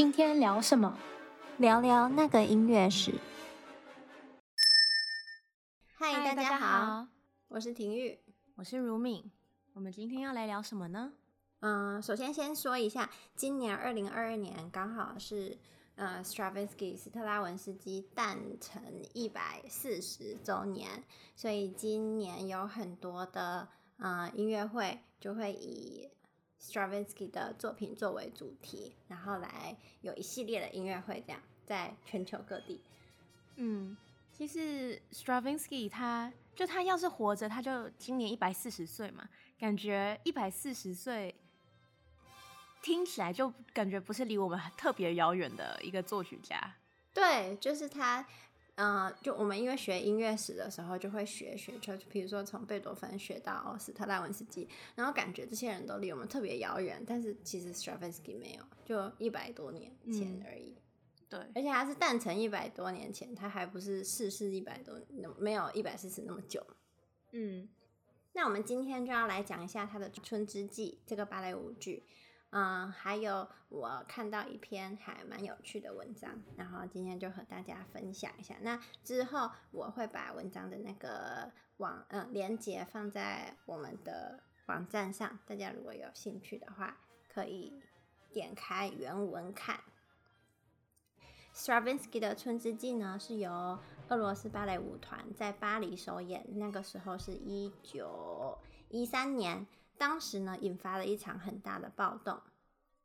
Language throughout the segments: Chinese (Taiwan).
今天聊什麼？聊聊那個音樂史。嗨，大家好，我是婷玉，我是如敏。我們今天要來聊什麼呢？嗯，首先先說一下，今年二零二二年剛好是呃，Stravinsky 斯特拉文斯基誕辰一百四十周年，所以今年有很多的，呃，音樂會就會以 Stravinsky 的作品作為主題，然後來有一系列的音樂會，這樣在全球各地。嗯，其實 Stravinsky 他就他要是活着，他就今年一百四十歲嘛，感覺一百四十歲，聽起來就感覺不是離我們特別遙遠的一個作曲家。對，就是他。嗯、呃，就我們因為學音樂史的時候，就會學學就，比如說從貝多芬學到斯特拉文斯基，然後感覺這些人都離我們特別遙遠，但是其實 Stravinsky 沒有，就一百多年前而已。嗯、對，而且他是誕辰一百多年前，他還不是逝世一百多，沒有一百四十那麼久。嗯，那我們今天就要來講一下他的《春之祭》這個芭蕾舞劇。嗯，還有我看到一篇還蠻有趣的文章，然後今天就和大家分享一下。那之後我會把文章的那個網呃鏈接放在我們的網站上，大家如果有興趣的話，可以點開原文看。Stravinsky 的《春之祭》呢，是由俄羅斯芭蕾舞團在巴黎首演，那個時候是一九一三年。當時呢，引發了一場很大的暴動，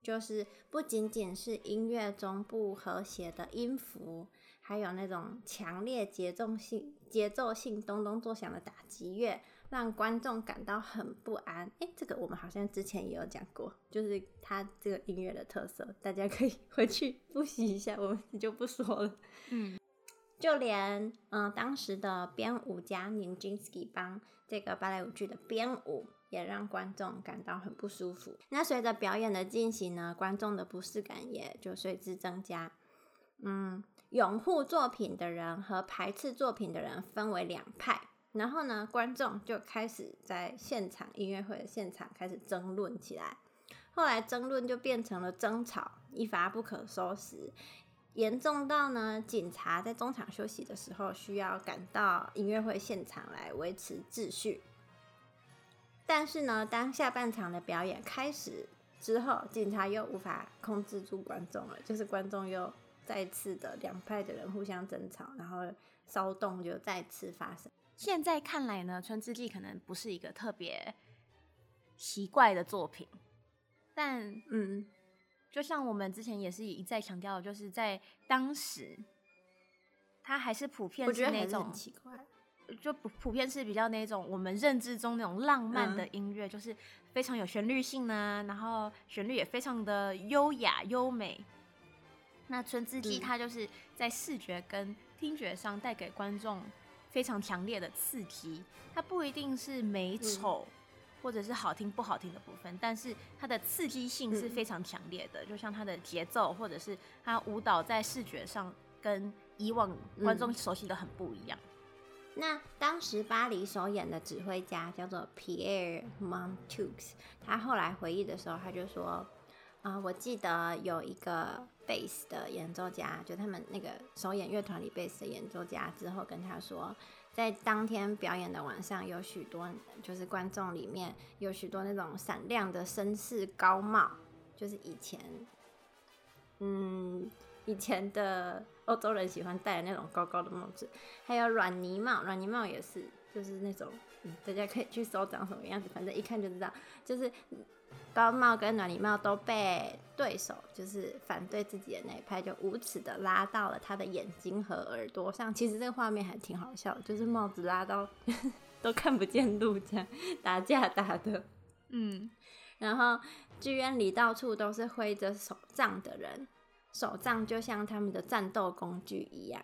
就是不僅僅是音樂中不和諧的音符，還有那種強烈節奏性、節奏性咚咚作響的打擊樂，讓觀眾感到很不安。哎，這個我們好像之前也有講過，就是它這個音樂的特色，大家可以回去複習一下，我們就不說了。嗯，就連嗯、呃、當時的編舞家尼金斯基幫這個芭蕾舞劇的編舞。也讓觀眾感到很不舒服。那隨着表演的進行呢，觀眾的不適感也就隨之增加。嗯，擁護作品的人和排斥作品的人分為兩派，然後呢，觀眾就開始在現場音樂會的現場開始爭論起來。後來爭論就變成了爭吵，一發不可收拾，嚴重到呢，警察在中場休息的時候需要趕到音樂會現場來維持秩序。但是呢，當下半場的表演開始之後，警察又無法控制住觀眾了，就是觀眾又再次的兩派的人互相爭吵，然後騷動就再次發生。現在看來呢，《春之祭》可能不是一個特別奇怪的作品，但嗯，就像我們之前也是一再強調的，就是在當時，他還是普遍的那種很很奇怪。就普普遍是比較那種我們認知中那種浪漫的音樂，嗯，就是非常有旋律性呢，啊，然後旋律也非常的優雅優美。那春之祭它就是在視覺跟聽覺上帶給觀眾非常強烈的刺激，它不一定是美醜或者是好聽不好聽的部分，嗯，但是它的刺激性是非常強烈的，嗯，就像它的節奏或者是它舞蹈在視覺上跟以往觀眾熟悉的很不一樣。嗯那當時巴黎首演的指揮家叫做 Pierre Montoux，他後來回憶的時候，他就說：“啊、呃，我記得有一個 bass 的演奏家，就他們那個首演樂團裡 bass 的演奏家，之後跟他說，在當天表演的晚上，有許多就是觀眾裡面有許多那種閃亮的紳士高帽，就是以前，嗯。”以前的歐洲人喜歡戴的那種高高的帽子，還有軟呢帽，軟呢帽也是，就是那種、嗯，大家可以去搜長什麼樣子，反正一看就知道，就是高帽跟軟呢帽都被對手，就是反對自己的那一派，就無恥的拉到了他的眼睛和耳朵上，其實這個畫面還挺好笑，就是帽子拉到 都看不見路這樣打架打的，嗯，然後劇院裡到處都是揮着手杖的人。手杖就像他們的戰鬥工具一樣，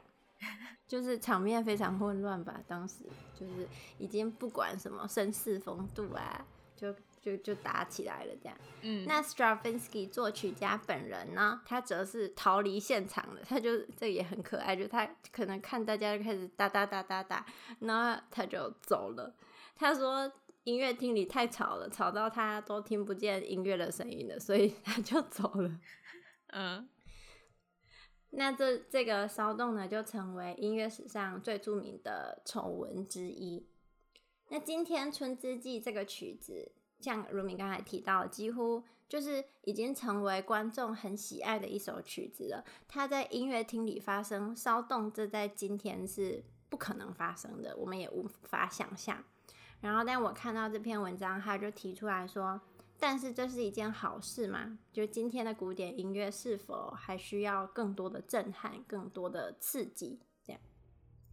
就是場面非常混亂吧。當時就是已經不管什麼紳士風度啊，就就就打起來了這樣。嗯。那 Stravinsky 作曲家本人呢，他則是逃離現場了。他就這也很可愛，就他可能看大家就開始噠噠噠噠噠，然後他就走了。他說音樂廳裡太吵了，吵到他都聽不見音樂的聲音了，所以他就走了。嗯。那這這個騷動呢，就成為音樂史上最著名的醜聞之一。那今天《春之祭》這個曲子，像如敏剛才提到的，幾乎就是已經成為觀眾很喜愛的一首曲子了。它在音樂廳裡發生騷動，這在今天是不可能發生的，我們也無法想象。然後，但我看到這篇文章，他就提出來說。但是這是一件好事嗎？就是今天的古典音樂是否還需要更多的震撼，更多的刺激？這樣，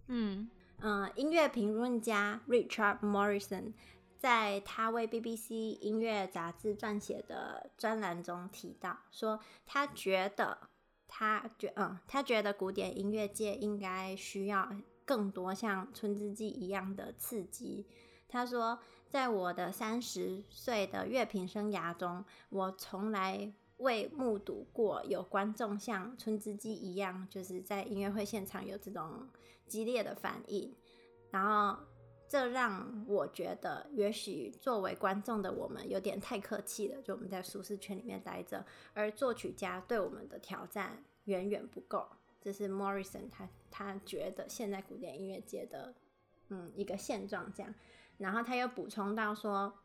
嗯嗯，音樂評論家 Richard Morrison 在他為 BBC 音樂雜誌撰寫的專欄中提到，說他覺得他覺嗯，他覺得古典音樂界應該需要更多像春之祭一樣的刺激。他說。在我的三十歲的樂評生涯中，我從來未目睹過有觀眾像春之祭一樣，就是在音樂會現場有這種激烈的反應。然後這讓我覺得，也許作為觀眾的我們有點太客氣了，就我們在舒適圈裡面待着，而作曲家對我們的挑戰遠遠不夠。這是 Morrison 他他覺得現在古典音樂界的嗯一個現狀這樣。然後他又補充到說：“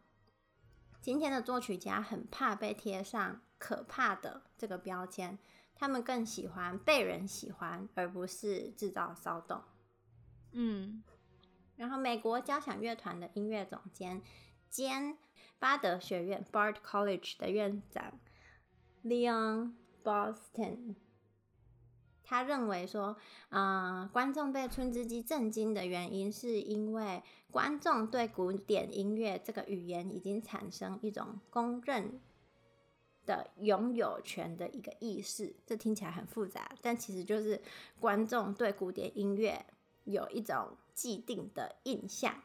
今天的作曲家很怕被貼上‘可怕的’這個標籤，他們更喜歡被人喜歡，而不是制造騷動。”嗯，然後美國交響樂團的音樂總監兼巴德學院 （Bard College） 的院長 Leon Boston。他認為說，啊、呃、觀眾被春之祭震驚的原因，是因為觀眾對古典音樂這個語言已經產生一種公認的擁有權的一個意識。這聽起來很複雜，但其實就是觀眾對古典音樂有一種既定的印象，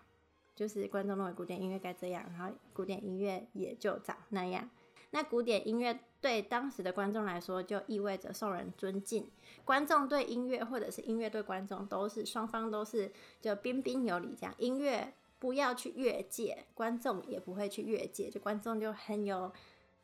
就是觀眾認為古典音樂該這樣，然後古典音樂也就長那樣。那古典音樂對當時的觀眾來說就意味着受人尊敬，觀眾對音樂或者是音樂對觀眾都是雙方都是就彬彬有禮這樣，音樂不要去越界，觀眾也不會去越界，就觀眾就很有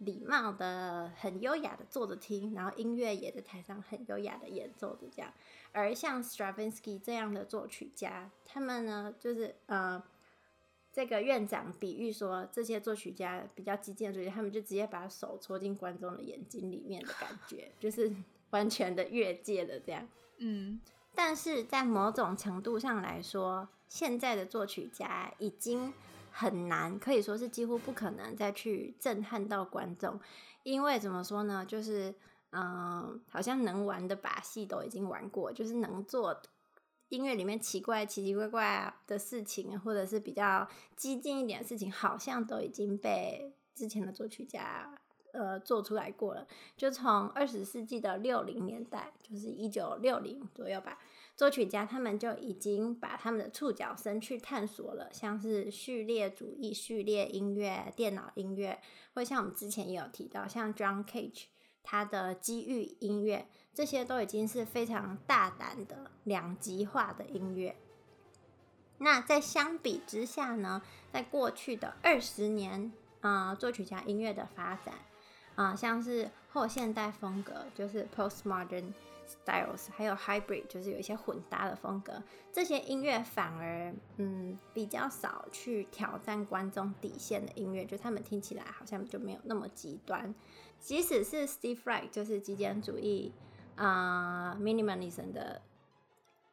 禮貌的、很優雅的坐着聽，然後音樂也在台上很優雅的演奏着這樣。而像 Stravinsky 這樣的作曲家，他們呢就是呃。這個院長比喻說，這些作曲家，比較激進的作曲家，他們就直接把手戳進觀眾的眼睛裡面的感覺，就是完全的越界了這樣。嗯，但是在某種程度上來說，現在的作曲家已經很難，可以說是幾乎不可能再去震撼到觀眾，因為怎麼說呢，就是嗯，好像能玩的把戲都已經玩過，就是能做音樂裡面奇怪奇奇怪怪的事情，或者是比較激進一點的事情，好像都已經被之前的作曲家呃做出來過了。就從二十世紀的六零年代，就是一九六零左右吧，作曲家他們就已經把他們的觸角伸去探索了，像是序列主義、序列音樂、電腦音樂，或像我們之前也有提到，像 John Cage。他的機遇音樂，這些都已經是非常大膽的兩極化的音樂。那在相比之下呢，在過去的二十年啊、呃，作曲家音樂的發展啊、呃，像是後現代風格，就是 postmodern。Styles 還有 Hybrid，就是有一些混搭的風格。這些音樂反而，嗯，比較少去挑戰觀眾底線的音樂，就他們聽起來好像就沒有那麼極端。即使是 Steve r a i k h 就是極簡主義啊、呃、Minimalism 的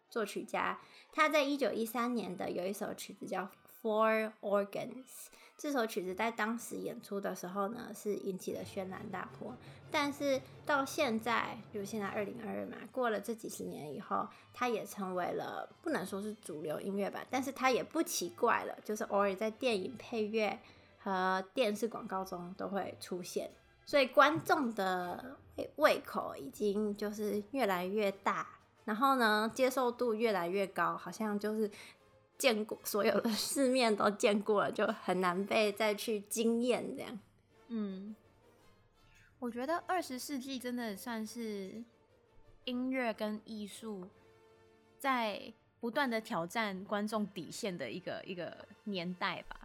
作曲家，他在一九一三年的有一首曲子叫。Four Organs 這首曲子，在當時演出的時候呢，是引起了軒然大波。但是到現在，比如現在二零二二嘛，過了這幾十年以後，它也成為了不能說是主流音樂吧，但是它也不奇怪了，就是偶爾在電影配樂和電視廣告中都會出現。所以觀眾的胃口已經就是越來越大，然後呢，接受度越來越高，好像就是。見過所有的世面都見過了，就很難被再去驚艷這樣。嗯，我覺得二十世紀真的算是音樂跟藝術在不斷的挑戰觀眾底線的一個一個年代吧。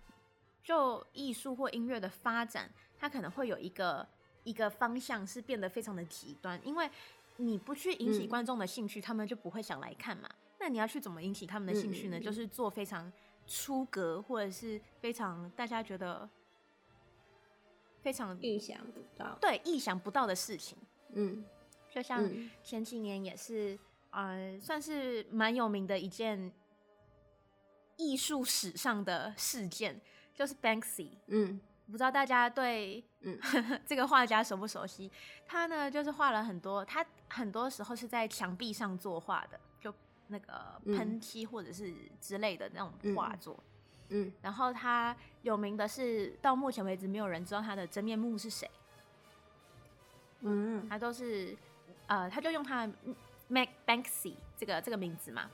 就藝術或音樂的發展，它可能會有一個一個方向是變得非常的極端，因為你不去引起觀眾的興趣，嗯，他們就不會想來看嘛。那你要去怎麼引起他們的興趣呢？嗯、就是做非常出格，或者是非常大家覺得非常意想不到，對，意想不到的事情。嗯，就像前幾年也是，嗯、呃，算是蠻有名的一件藝術史上的事件，就是 Banksy。嗯，不知道大家對嗯 這個畫家熟不熟悉？他呢，就是畫了很多，他很多時候是在牆壁上作畫的。那個噴漆或者是之類的那種畫作，嗯，然後他有名的是到目前為止沒有人知道他的真面目是誰，嗯，他都是呃他就用他的 Mac Banksy 這個這個名字嘛，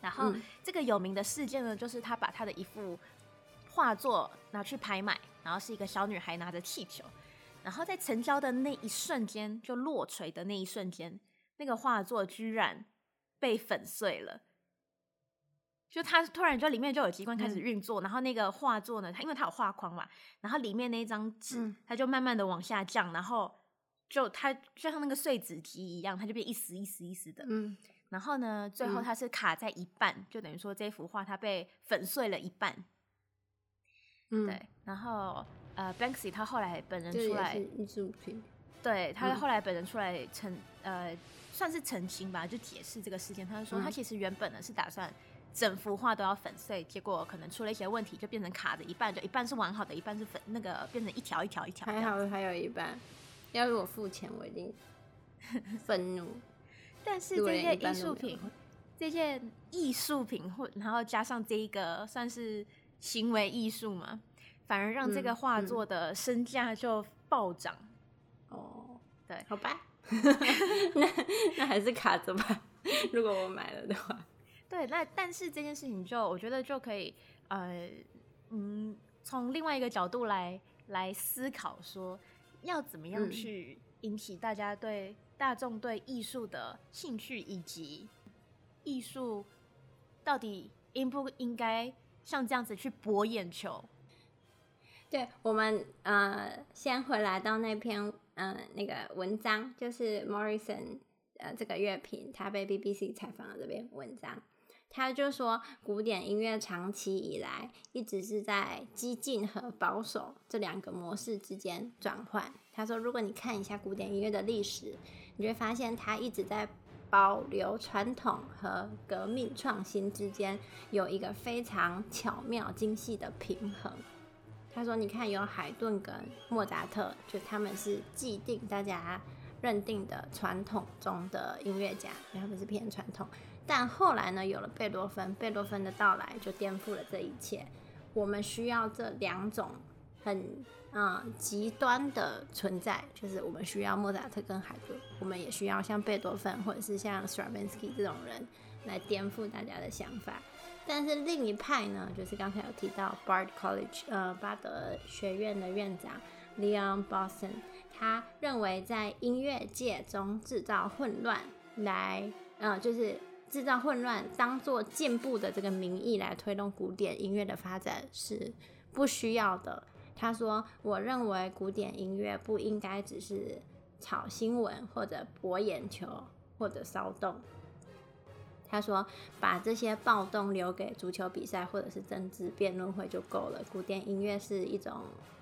然後、嗯、這個有名的事件呢，就是他把他的一幅畫作拿去拍賣，然後是一個小女孩拿着氣球，然後在成交的那一瞬間，就落錘的那一瞬間，那個畫作居然。被粉碎了，就他突然就裡面就有機關開始運作、嗯，然後那個畫作呢，它因為它有畫框嘛，然後裡面那一張紙、嗯，它就慢慢的往下降，然後就它就像那個碎紙機一樣，它就變一撕一撕一撕的、嗯，然後呢，最後它是卡在一半，嗯、就等於說這幅畫它被粉碎了一半，嗯、對，然後呃，Banksy 他後來本人出來，對，他後來本人出來稱呃。嗯呃算是澄清吧，就解釋這個事件。他就說，他其實原本呢是打算整幅畫都要粉碎，結果可能出了一些問題，就變成卡着一半，就一半是完好的，一半是粉那個變成一條一條一條。還好還有一半，要是我付錢，我一定憤怒。 但是這件藝術品，這件藝術品，然後加上這一個算是行為藝術嘛，反而讓這個畫作的身價就暴漲。哦、嗯嗯，對，好吧。 那那還是卡着吧，如果我買了的話， 對，那但是這件事情就我覺得就可以呃嗯，從另外一個角度來來思考說，說要怎麼樣去引起大家對大眾對藝術的興趣，以及藝術到底應不應該像這樣子去博眼球？對我們呃，先回來到那篇。嗯，那個文章就是 Morrison，呃，這個樂評他被 BBC 採訪了這篇文章，他就說古典音樂長期以來一直是在激進和保守這兩個模式之間轉換。他說，如果你看一下古典音樂的歷史，你就會發現它一直在保留傳統和革命創新之間有一個非常巧妙精細的平衡。他說：“你看，有海頓跟莫扎特，就他們是既定大家認定的傳統中的音樂家，他們是偏傳統。但後來呢，有了貝多芬，貝多芬的到來就顛覆了這一切。我們需要這兩種很啊嗯、極端的存在，就是我們需要莫扎特跟海頓，我們也需要像貝多芬或者是像 Stravinsky 這種人來顛覆大家的想法。”但是另一派呢，就是剛才有提到 Bard College，呃，巴德學院的院長 Leon Boston，他認為在音樂界中製造混亂，來，嗯、呃，就是製造混亂，當做進步的這個名義來推動古典音樂的發展是不需要的。他說，我認為古典音樂不應該只是炒新聞或者博眼球或者騷動。他說：“把這些暴動留給足球比賽或者是政治辯論會就夠了。古典音樂是一種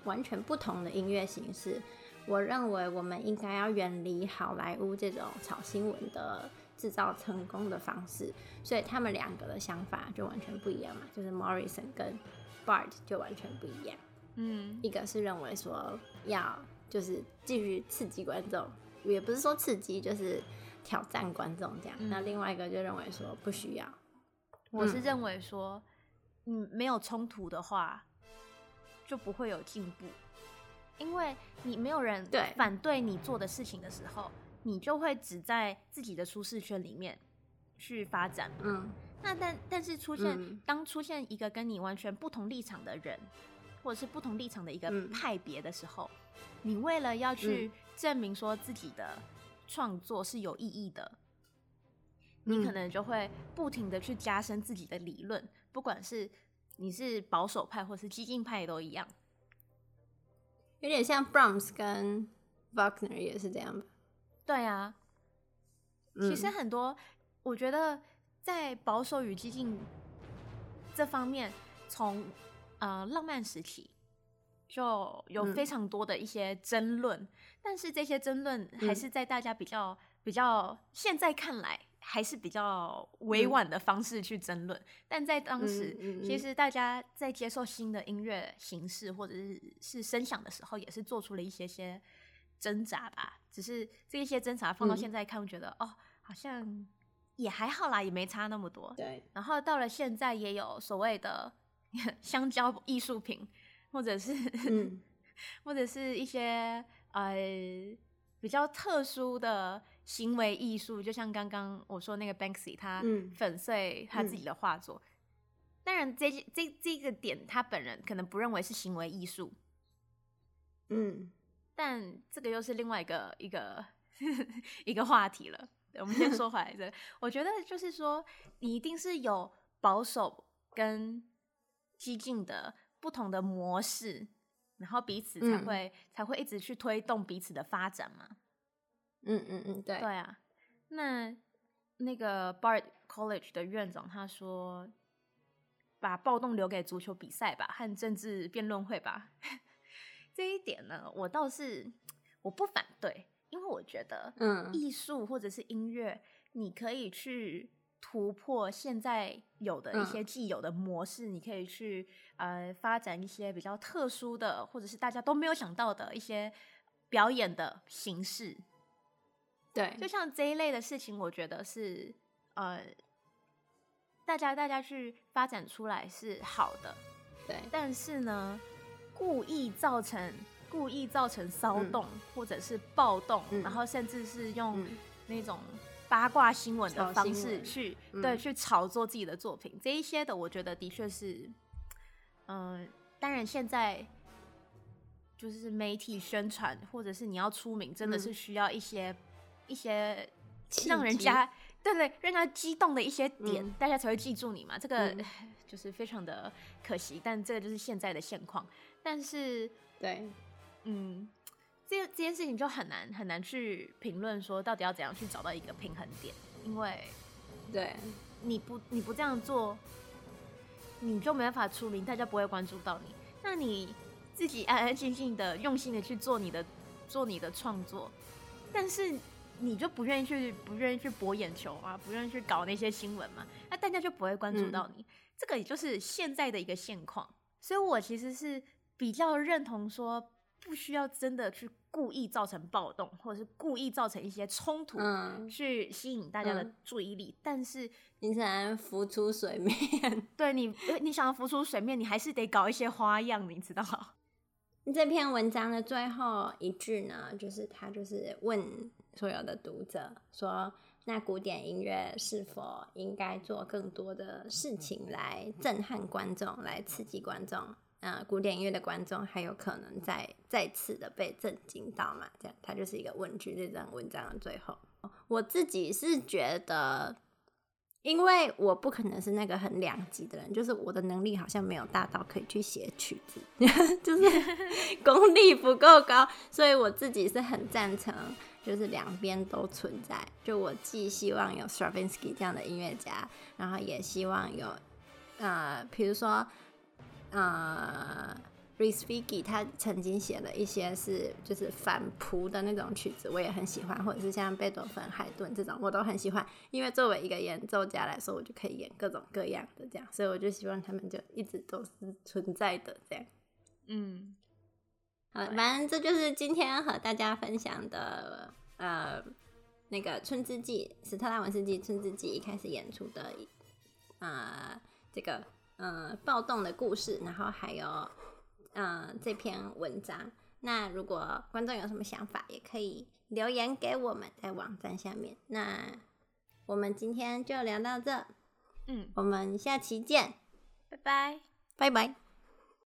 完全不同的音樂形式。我認為我們應該要遠離好萊塢這種炒新聞的制造成功的方式。所以他們兩個的想法就完全不一樣嘛，就是 Morrison 跟 Bart 就完全不一樣。嗯，一個是認為說要就是繼續刺激觀眾，也不是說刺激，就是。”挑戰觀眾這樣、嗯，那另外一個就認為說不需要。我是認為說，嗯，沒有衝突的話，就不會有進步，因為你沒有人反對你做的事情的時候，你就會只在自己的舒適圈裡面去發展。嗯，那但但是出現、嗯、當出現一個跟你完全不同立場的人，或者是不同立場的一個派別的時候、嗯，你為了要去證明說自己的。創作是有意義的，你可能就會不停的去加深自己的理論，不管是你是保守派或是激進派都一樣，有點像 Brahms 跟 Wagner 也是這樣吧。對啊，其實很多我覺得在保守與激進這方面，從呃浪漫時期。就有非常多的一些爭論、嗯，但是這些爭論還是在大家比較、嗯、比較現在看來還是比較委婉的方式去爭論、嗯。但在當時，其實大家在接受新的音樂形式或者是是聲響的時候，也是做出了一些些掙扎吧、嗯。只是這些掙扎放到現在看，我覺得、嗯、哦，好像也還好啦，也沒差那麼多。對，然後到了現在，也有所謂的 香蕉藝術品。或者是、嗯，或者是一些呃比較特殊的行為藝術，就像剛剛我說那個 Banksy，他粉碎他自己的畫作、嗯嗯。當然這，這這這個點他本人可能不認為是行為藝術。嗯，但這個又是另外一個一個呵呵一個話題了。我們先說回來、這個，這 我覺得就是說，你一定是有保守跟激進的。不同的模式，然後彼此才會、嗯、才會一直去推動彼此的發展嘛。嗯嗯嗯，對對啊。那那個 Bard College 的院長他說，把暴動留給足球比賽吧，和政治辯論會吧。 這一點呢，我倒是我不反對，因為我覺得，藝術或者是音樂，嗯、你可以去。突破現在有的一些既有的模式，嗯、你可以去呃發展一些比較特殊的，或者是大家都沒有想到的一些表演的形式。對，就像這一類的事情，我覺得是呃大家大家去發展出來是好的。對，但是呢，故意造成故意造成騷動、嗯，或者是暴動、嗯，然後甚至是用那種。八卦新聞的方式去對、嗯、去炒作自己的作品，這一些的我覺得的確是，嗯、呃，當然現在就是媒體宣傳或者是你要出名，真的是需要一些、嗯、一些讓人家對對讓人家激動的一些點、嗯，大家才會記住你嘛。這個、嗯、就是非常的可惜，但這個就是現在的現況。但是對，嗯。這這件事情就很難很難去評論說到底要怎樣去找到一個平衡點，因為，對，你不你不這樣做，你就沒辦法出名，大家不會關注到你。那你自己安安靜靜的用心的去做你的做你的創作，但是你就不願意去不願意去博眼球啊，不願意去搞那些新聞嘛，那，啊，大家就不會關注到你。嗯，這個也就是現在的一個現況，所以我其實是比較認同說不需要真的去。故意造成暴動，或者是故意造成一些衝突、嗯，去吸引大家的注意力、嗯。但是，你才能浮出水面。對你，你想要浮出水面，你還是得搞一些花樣，你知道嗎？ 這篇文章的最後一句呢，就是他就是問所有的讀者說：“那古典音樂是否應該做更多的事情來震撼觀眾，來刺激觀眾？”嗯、呃，古典音樂的觀眾還有可能再再次的被震驚到嘛？這樣，它就是一個問句。這張文章的最後，我自己是覺得，因為我不可能是那個很兩極的人，就是我的能力好像沒有大到可以去寫曲子，呵呵就是功力不夠高，所以我自己是很贊成，就是兩邊都存在。就我既希望有 Stravinsky 這樣的音樂家，然後也希望有，呃，比如說。啊 Respighi 他曾經寫了一些是就是反撲的那種曲子，我也很喜歡，或者是像貝多芬、海頓這種，我都很喜歡。因為作為一個演奏家來說，我就可以演各種各樣的這樣，所以我就希望他們就一直都是存在的這樣。嗯，好，反正這就是今天和大家分享的呃那個春之祭，斯特拉文斯基《春之祭》一開始演出的一，啊、呃，這個。呃、嗯，暴動的故事，然後還有嗯這篇文章，那如果觀眾有什麼想法，也可以留言給我們在網站下面。那我們今天就聊到這，嗯，我們下期見，拜拜，拜拜。